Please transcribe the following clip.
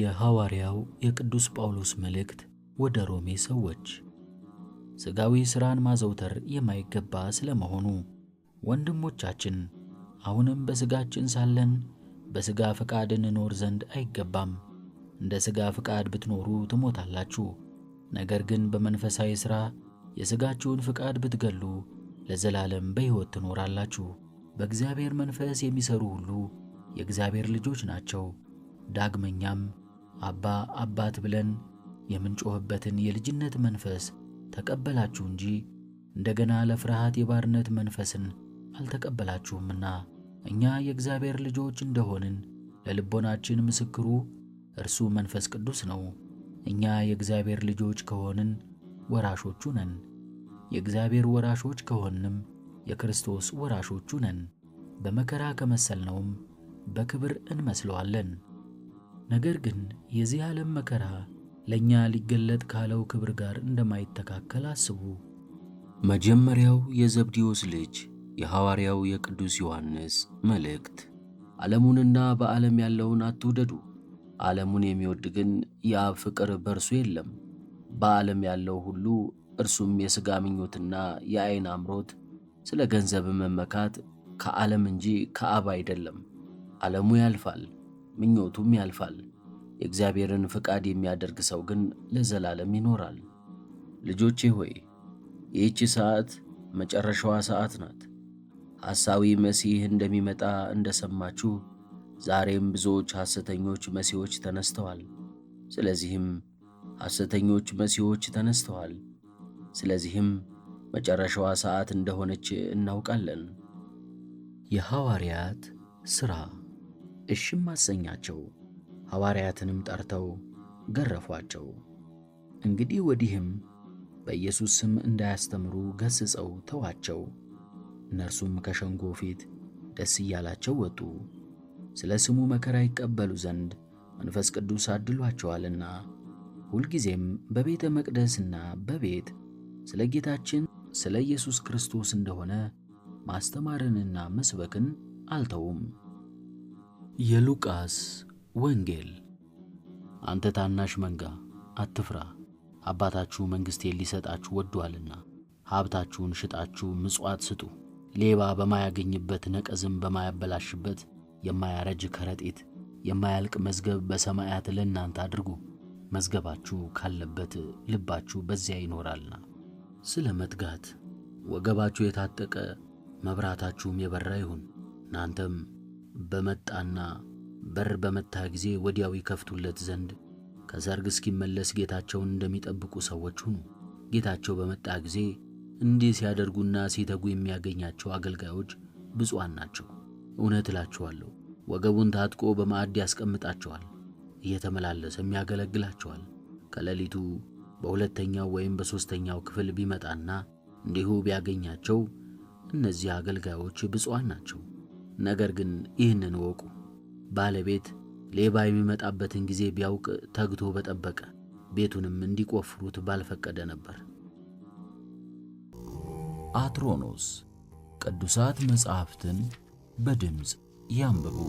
የሐዋርያው የቅዱስ ጳውሎስ መልእክት ወደ ሮሜ ሰዎች። ሥጋዊ ሥራን ማዘውተር የማይገባ ስለመሆኑ ወንድሞቻችን፣ አሁንም በሥጋችን ሳለን በሥጋ ፈቃድ እንኖር ዘንድ አይገባም። እንደ ሥጋ ፈቃድ ብትኖሩ ትሞታላችሁ። ነገር ግን በመንፈሳዊ ሥራ የሥጋችሁን ፈቃድ ብትገሉ ለዘላለም በሕይወት ትኖራላችሁ። በእግዚአብሔር መንፈስ የሚሠሩ ሁሉ የእግዚአብሔር ልጆች ናቸው። ዳግመኛም አባ አባት ብለን የምንጮህበትን የልጅነት መንፈስ ተቀበላችሁ እንጂ እንደገና ለፍርሃት የባርነት መንፈስን አልተቀበላችሁምና እኛ የእግዚአብሔር ልጆች እንደሆንን ለልቦናችን ምስክሩ እርሱ መንፈስ ቅዱስ ነው። እኛ የእግዚአብሔር ልጆች ከሆንን ወራሾቹ ነን። የእግዚአብሔር ወራሾች ከሆንንም የክርስቶስ ወራሾቹ ነን። በመከራ ከመሰልነውም በክብር እንመስለዋለን። ነገር ግን የዚህ ዓለም መከራ ለእኛ ሊገለጥ ካለው ክብር ጋር እንደማይተካከል አስቡ። መጀመሪያው የዘብዴዎስ ልጅ የሐዋርያው የቅዱስ ዮሐንስ መልእክት። ዓለሙንና በዓለም ያለውን አትውደዱ። ዓለሙን የሚወድ ግን የአብ ፍቅር በእርሱ የለም። በዓለም ያለው ሁሉ እርሱም የሥጋ ምኞትና የዐይን አምሮት፣ ስለ ገንዘብ መመካት ከዓለም እንጂ ከአብ አይደለም። ዓለሙ ያልፋል፣ ምኞቱም ያልፋል። የእግዚአብሔርን ፍቃድ የሚያደርግ ሰው ግን ለዘላለም ይኖራል። ልጆቼ ሆይ ይህቺ ሰዓት መጨረሻዋ ሰዓት ናት። ሐሳዊ መሲህ እንደሚመጣ እንደሰማችሁ ዛሬም ብዙዎች ሐሰተኞች መሲዎች ተነስተዋል። ስለዚህም ሐሰተኞች መሲዎች ተነስተዋል። ስለዚህም መጨረሻዋ ሰዓት እንደሆነች እናውቃለን። የሐዋርያት ሥራ እሽም አሰኛቸው። ሐዋርያትንም ጠርተው ገረፏቸው። እንግዲህ ወዲህም በኢየሱስ ስም እንዳያስተምሩ ገሥጸው ተዋቸው። እነርሱም ከሸንጎ ፊት ደስ እያላቸው ወጡ፣ ስለ ስሙ መከራ ይቀበሉ ዘንድ መንፈስ ቅዱስ አድሏቸዋልና። ሁልጊዜም በቤተ መቅደስና በቤት ስለ ጌታችን ስለ ኢየሱስ ክርስቶስ እንደሆነ ማስተማርንና መስበክን አልተውም። የሉቃስ ወንጌል። አንተ ታናሽ መንጋ አትፍራ፣ አባታችሁ መንግሥቴን ሊሰጣችሁ ወዷልና። ሀብታችሁን ሽጣችሁ ምጽዋት ስጡ፣ ሌባ በማያገኝበት ነቀዝም በማያበላሽበት የማያረጅ ከረጢት የማያልቅ መዝገብ በሰማያት ለእናንተ አድርጉ፣ መዝገባችሁ ካለበት ልባችሁ በዚያ ይኖራልና። ስለ መትጋት ወገባችሁ የታጠቀ መብራታችሁም የበራ ይሁን እናንተም በመጣና በር በመታ ጊዜ ወዲያው ይከፍቱለት ዘንድ ከሰርግ እስኪመለስ ጌታቸውን እንደሚጠብቁ ሰዎች ሁኑ። ጌታቸው በመጣ ጊዜ እንዲህ ሲያደርጉና ሲተጉ የሚያገኛቸው አገልጋዮች ብፁዓን ናቸው። እውነት እላችኋለሁ ወገቡን ታጥቆ በማዕድ ያስቀምጣቸዋል፣ እየተመላለሰም ያገለግላቸዋል። ከሌሊቱ በሁለተኛው ወይም በሦስተኛው ክፍል ቢመጣና እንዲሁ ቢያገኛቸው እነዚህ አገልጋዮች ብፁዓን ናቸው። ነገር ግን ይህንን ወቁ፣ ባለቤት ሌባ የሚመጣበትን ጊዜ ቢያውቅ ተግቶ በጠበቀ፣ ቤቱንም እንዲቆፍሩት ባልፈቀደ ነበር። አትሮኖስ ቅዱሳት መጻሕፍትን በድምፅ ያንብቡ።